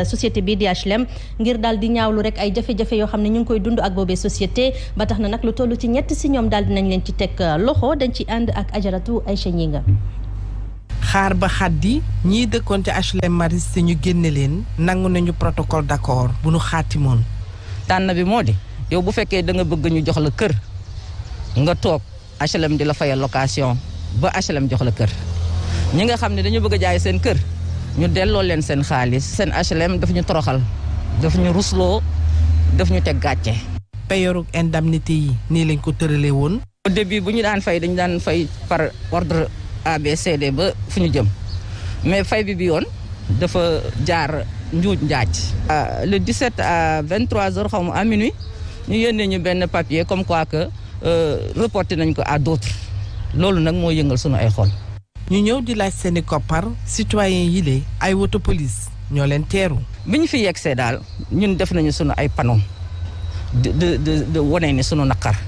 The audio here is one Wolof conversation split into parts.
Euh, société bi di HLM ngir daal di ñaawlu rek ay jafe-jafe yoo xam ne ñu ngi koy dund ak boobee société ba tax na nag lu toll ci ñett si ñoom daal dinañ leen ci teg euh, loxo dañ ci ànd ak ajaratu Aïcha nga xaar ba xaddi ñiy dëkkoon ci HLM Maris te ñu leen nangu nañu protocole d'accord bu nu xaatimoon tànn bi moo di yow bu fekkee da nga bëgg ñu jox la kër nga toog HLM di la fayal location ba HLM jox la kër ñi nga xam ne dañu bëgg a jaay seen kër ñu delloo leen seen xaalis seen HLM daf ñu toroxal daf ñu rusloo daf ñu teg gàcce. payorug indemnité yi nii lañ ko tëralee woon. au bu ñu daan fay dañu daan fay par ordre ABCD ba fu ñu jëm mais fay bi bi yoon dafa jaar njuuj njaaj. Euh, le 17 à 23 heures xaw ma à minuit ñu yónnee ñu benn papier comme quoi que euh, reporté nañ ko à d'autres loolu nag moo yëngal sunu ay xol. ñu ñëw di laaj seeni koppar citoyen yi de ay woto police ñoo leen teeru. bi ñu fi yegsee daal ñun def nañu sunu ay panneau de de de de wane ni sunu naqar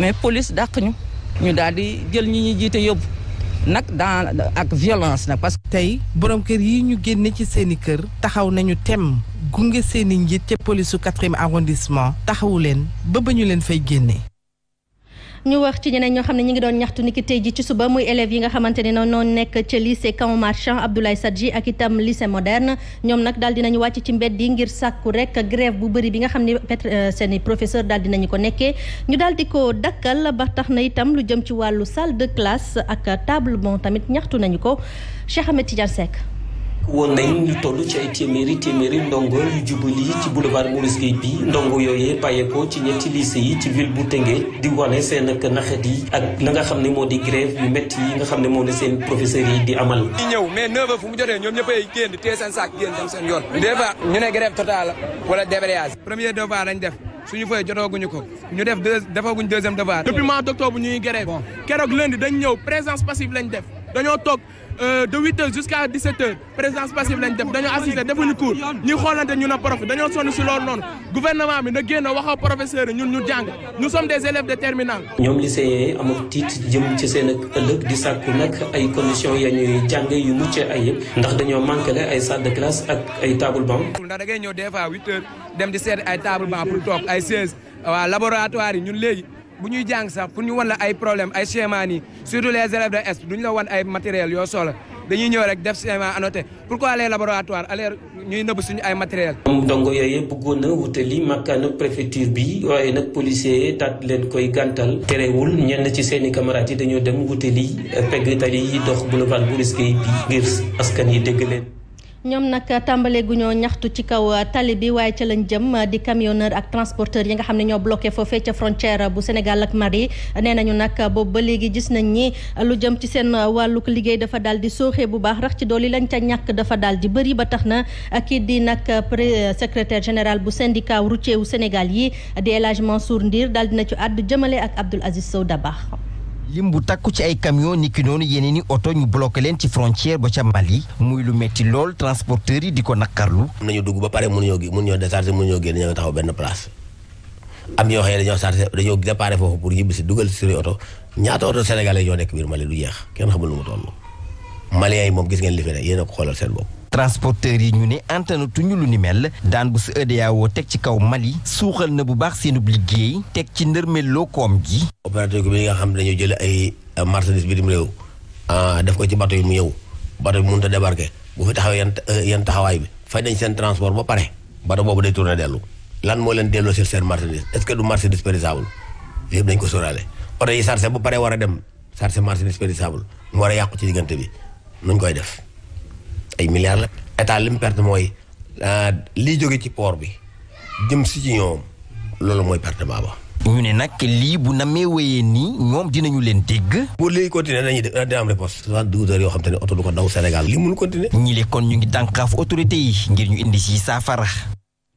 mais police dàq ñu ñu daal di jël ñi ñuy jiite yóbbu nag dans ak violence nag parce que. tey borom kër yi ñu génne ci seeni kër taxaw nañu tem gunge seeni njiit ca polisu quatrième arrondissement taxawu leen ba ba ñu leen fay génne. ñu wax ci ñeneen ñoo xam ne ñu ngi doon ñaxtu niki tey ji ci suba muy élèves yi nga xamante ne noonu nekk ca lycée Camp Marchand Abdoulaye Sadji ak itam lycée moderne ñoom nag daal dinañu wàcc ci mbedd yi ngir sàkku rek grève bu bëri bi nga xam ne euh, seeni professeur daal dinañu ko nekkee ñu daal di ko dakkal ba tax na itam lu jëm ci wàllu salle de classe ak table bon tamit ñaxtu nañu ko Cheikh Ahmed Tidiane Seck woon nañ lu toll ci ay téeméeri téeméeri ndongo yu jubali ci boulevard Maurice Guèye bi ndongo yooyee bàyyeekoo ci ñetti lycée yi ci ville bu Tëngéej di wane seen ak yi ak la nga xam ne moo di grève yu métti yi nga xam ne moo ne seen professeurs yi di amal. ñi ñëw mais 9 fu mu jotee ñoom ñëpp ay génn téye seen saak génn dem seen yoon. des ñu ne grève totale wala débrayage. premier devoir lañ def. suñu fay jotooguñu ko ñu def deux defaguñ deuxième devoir. depuis mois d'octobre ñuy grève. bon keroog lundi lañ def. dañoo toog euh, de huit heures jusqu'à dix-sept heures présence passive lañ def dañoo assisté defuñu cours ñuy xoolante ñu ne prof dañoo sonn si loolu noonu gouvernement bi na génn wax ak professeurs yi ñun ñu jàng nous sommes des élèves de terminale ñoom lycéens amul tiit jëm ci seen ak ëllëg di sàkku nag ay conditions ya ñuy jàng yu mucc ay ndax dañoo manqué ay salle de classe ak ay table banc ndax da ngay ñëw des fois huit heures dem di seet ay table banc pour toog ay siège waa yi ñun léegi bu ñuy jàng sax pour ñu wan la ay problèmes ay schéma nii surtout les élèves de est duñu la wan ay matériels yoo soxla dañuy ñëw rek def schéma annoté pourquoi les laboratoires alors ñuy nëbb suñu ay matériels. moom dongo yooyu bëggoon na wutali makkaanu préfecture bi waaye nag policier daat leen koy gàntal terewul ñenn ci seeni camarades yi dañoo dem wutali eh, pegg tali yi dox boulevard Boris Gueye bi ngir askan yi dégg leen. ñoom nag tàmbale gu ñoo ñaxtu ci kaw tali bi waaye ca lañ jëm di camionneur ak transporteur yi nga xam ne ñoo bloqué foofee ca frontière bu Sénégal ak Mali nee nañu nag boobu ba léegi gis nañ ni lu jëm ci seen wàllu liggéey dafa daal di sooxee bu baax rax ci dool yi lañ ca ñàkk dafa daal di bëri ba tax na kii di nag pré secrétaire général bu syndicat routier wu Sénégal yi di El Hadj Mansour Ndir daal dina ci àddu jëmale ak Abdoul Aziz Sow Dabakh lim bu takku ci ay camion ni ki noonu yeneen i oto ñu bloqué leen ci frontière ba ca Mali muy lu metti lool transporteur yi di ko nakkarlu ñu dugg ba pare mun mënuñoo gi mënuñoo décharger mënuñoo génn ñoo ngi taxaw benn place am yoo xëy dañoo chargé dañoo déparé foofu pour yibbi si dugal si suñu oto ñaata oto sénégalais ñoo nekk biir Mali du jeex kenn xamul lu mu toll Maliens yi moom gis ngeen li fi yéen a ko xoolal seen bopp transporteurs yi ñu ni ne antanatuñu lu ni mel daan bu si EEDEAO teg ci kaw Mali suuxal na bu baax seenub liggéey teg ci ndërmeloo koom gi. opérateur bi nga xam ne dañoo jëlee ay euh, marchandise bitim réew ah, def ko ci bato yi mu ñëw bato bi mënut a débarquer bu fi taxawee yan euh, yan taxawaay bi fay nañ seen transport ba pare bato boobu day tourné dellu lan moo leen delloo si seen marchandise est-ce que du marchandise périssable yëpp dañ ko sóoraale oto yi chargé ba pare war a dem chargé marchandise périssable mu war a yàqu ci diggante bi nuñ koy def. ay milliards la état lim mu perte mooy euh, liy jóge ci poor bi jëm si ci ñoom loolu mooy perte ba ñu ne nag lii bu namee wéyee nii ñoom dinañu leen dégg. bu léegi continuer dañuy dina am riposte. soixante-douze heures yoo xam te ne oto du ko daw Sénégal. li mënul continuer. ñi le kon ñu ngi dànkaaf autorité yi ngir ñu indi si saafara.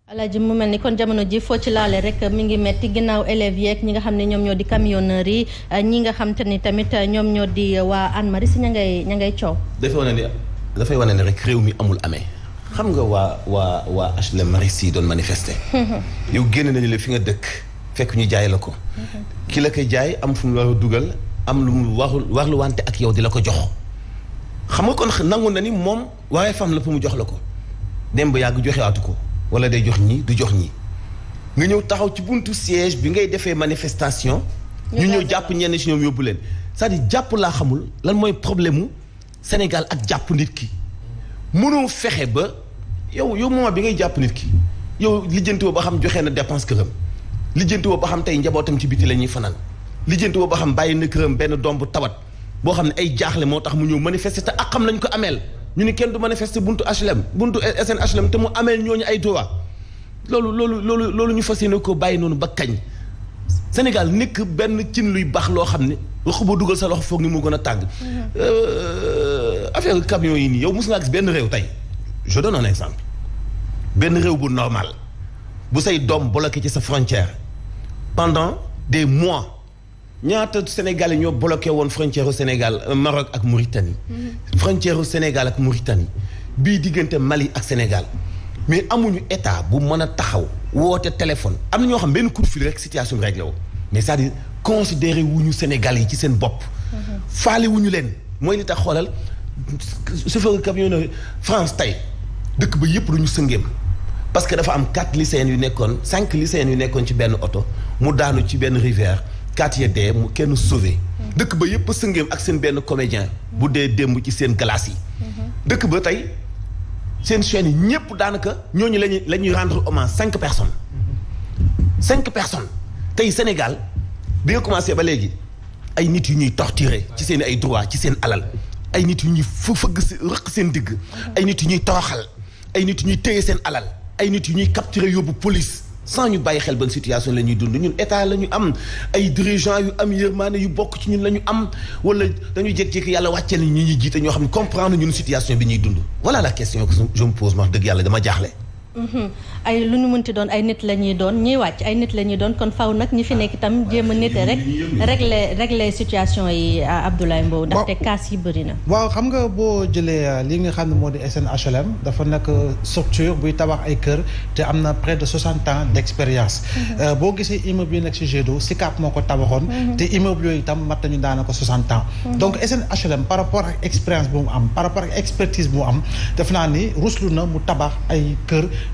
alaaji mu mel ni kon jamono ji foo ci laale rek mi ngi metti ginnaaw élève yeek ñi nga xam ne ñoom ñoo di camionneurs yi ñi nga xam te ni tamit ñoom ñoo di waa Anne ña ngay ña dafay wane ne rek réew mi amul amee xam nga waa waa waa HLM Maristes yi doon manifester. yow génne nañu la fi nga dëkk fekk ñu jaay la ko. ki la koy jaay am fu mu war dugal am lu mu warul warlu wante ak yow di la ko jox. xam nga kon nangu na moom waaye fam la pour mu jox la ko dem ba yàgg joxewaatu ko wala day jox ñi du jox ñi nga ñëw taxaw ci buntu siège bi ngay defee manifestation. ñu ñëw jàpp ñenn si ñoom yóbbu leen cest à jàpp laa xamul lan mooy problème mu. Sénégal ak jàpp nit ki mënoo fexe ba yow yow moment bi ngay jàpp nit ki yow lijjanti woo ba xam joxe na dépense këram lijjanti woo ba xam tey njabootam ci biti la ñuy fanaan lijjanti woo ba xam bàyyi na këram benn doom bu tawat boo xam ne ay jaaxle moo tax mu ñëw manifester te ak xam nañ ko ameel ñu ni kenn du manifester buntu HLM buntu SN HLM te mu ameel ñu ay droit loolu loolu loolu loolu ñu fas yéene ko bàyyi noonu ba kañ Sénégal nekk benn cin luy baax loo xam ne waxu ba dugal sa loxo foog mu gën a tàng. Mm-hmm. Euh, affaire yi yow mos ngaa gis benn réew tey je donne un exemple benn réew bu normal bu say doom bloqué ci sa frontière pendant de mois ñaata Sénégalais ñoo bloqué woon frontière au Sénégal euh, Maroc ak Mauritanie. Mm-hmm. frontière Sénégal ak Mauritanie bii diggante Mali ak Sénégal mais amuñu état bu mën a taxaw woote téléphone am na ñoo xam benn coup de fil rek situation réglé wu mais c'est-à-dire considéré wuñu Sénégal yi ci seen bopp. Mm-hmm. faale wuñu leen mooy li tax xoolal. chauffeur camionneur France tey dëkk ba yëpp duñu sëngeem parce que dafa am quatre lycéens yu nekkoon cinq lycéens yu nekkoon ci benn oto mu daanu ci benn rivière quatre ya dee mu kenn sauvé. dëkk ba yëpp sëngéem ak seen benn comédien bu dee démb ci seen glace yi dëkk ba tey seen chaîne yi ñëpp daanaka ñooñu lañuy la ñuy rendre hommage cinq personnes cinq personnes tey Sénégal bi nga commencé ba léegi ay nit yu ñuy torturer ci seen ay droit ci seen alal ay nit yu ñuy fëgg rëq seen digg ay nit yu ñuy toroxal ay nit yu ñuy téye seen alal ay nit yu ñuy capturer yóbbu police sans ñu bàyyi xel ba situation la ñuy dund ñun état la ñu am ay dirigeants yu am yërmaane yu bokk ci ñun la ñu am wala dañuy jékki-jékki yàlla wàcceel ñi ñuy jiite ñoo xam ne comprendre ñun situation bi ñuy dund voilà la question que je pose ma dëgg yàlla dama jaaxle Mhm. ay lu ñu mënti doon ay nit la ñuy doon ñiy wàcc ay nit la doon kon faw nag ñi fi nekk itam jéem a nit rek régler régler situation yi Abdoulaye Mbow ndaxte kaas yi bëri na waaw xam nga boo jëlee euh, li nga xam ne moo di SNHLM dafa nekk euh, structure buy tabax ay kër te am na près de soixante ans d'expérience mhm. euh, boo gisee immeuble yi nag si jet d'eau SICAP moo ko tabaxoon mhm. te immeuble yooyu itam mat nañu daanaka soixante ans donc SNHLM par rapport ak expérience bu mu am par rapport ak expertise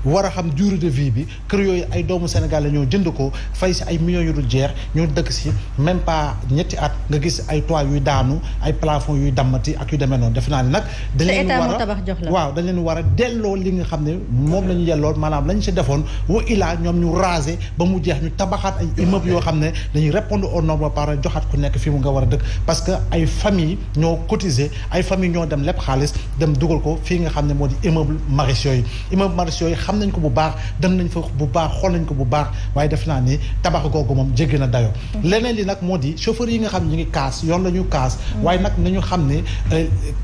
war a xam durée de vie bi kër yooyu ay doomu Sénégal la ñoo jënd ko fay si ay millions yu dul jeex ñoo dëkk si même pas ñetti at nga gis ay toit yuy daanu ay plafond yuy damati ak yu demee noonu defe naa ne nag. dañ leen war a waaw dañ leen war a delloo li nga xam ne moom la ñu maanaam la si defoon wa ilaa ñoom ñu raser ba mu jeex ñu tabaxaat ay immeuble yoo xam ne dañuy répondre au nombre par joxaat ku nekk fi mu nga war a dëkk parce que ay famille ñoo cotiser ay famille ñoo dem lépp xaalis dem dugal ko fii nga xam ne moo di immeuble maraîchers yi immeuble maraîchers yi xam nañ ko bu baax dem nañ fa bu baax xool nañ ko bu baax waaye def naa ni tabax googu moom jéggi na dayo mm-hmm. leneen li nag moo di chauffeur yi nga xam ne ñu ngi kaas yoon la ñu kaas mm-hmm. waaye nag nañu xam ne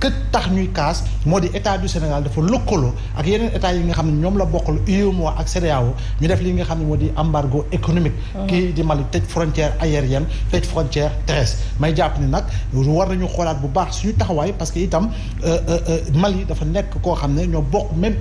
kët euh, tax ñuy kaas moo di état du Sénégal dafa lëkkaloo ak yeneen état yi nga xam ne ñoom la bokkal UEMOA ak CEDEAO ñu def li nga xam ne moo di embargo économique mm-hmm. kii di Mali tëj frontière aérienne tëj frontière terrestre may jàpp ni nag war nañu xoolaat bu baax suñu taxawaay parce que itam yi euh, euh, dafa nekk koo xam ne ñoo bokk même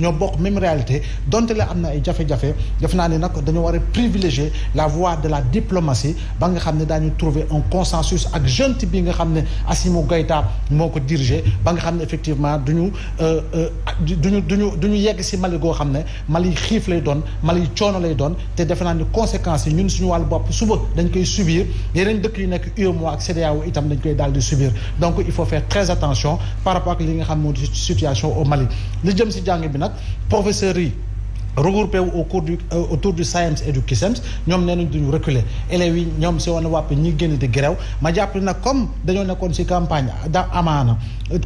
ñoo bokk même réalité donte la am na ay jafe-jafe def naa ne nag dañoo war a privilégier la voie de la diplomatie ba nga xam ne daañu trouver un consensus ak junte bi nga xam ne Assimi Goïta moo ko dirigé ba nga xam ne effectivement duñu euh, euh, duñu du ñu yegg si Mali goo xam ne Mali xiif lay doon Mali coono lay doon te defe naa ne conséquences yi ñun suñu wàllu bopp suba dañ koy subir yeneen dëkk yu nekk UEMOA ak CEDEAO itam dañ koy daal di subir donc il faut faire par rapport nga xam ne situation au Mali naataange bi nag professeurs yi regroupé wu au cours du euh, autour du SAEMS et ñoom nee nañ duñu reculer élèves yi ñoom si woon wàpp ñi génn di grève ma jàpp nag comme dañoo nekkoon si campagne da amaana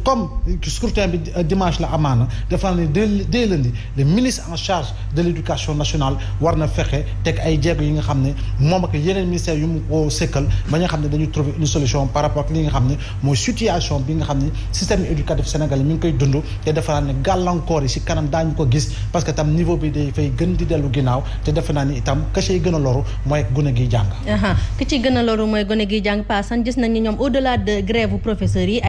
comme scrutin bi dimanche la amaana dafa ne dès dès lundi ministre en charge de l'éducation nationale war na fexe teg ay jéego yi nga xam ne moom ak yeneen ministère yu mu ko sëkkal ba nga xam ne dañu trouver une solution par rapport ak li nga xam ne mooy situation bi nga xam ne système éducatif sénégalais mi ngi koy dund te defe naa ne gàllankoor yi si kanam daañu ko gis parce que tam niveau bi day fay gën di dellu ginnaaw te defe naa ni itam ka ciy gën a loru mooy gune gi jàng. ki ci gën a loru mooy gune gi jàng paasan gis yi.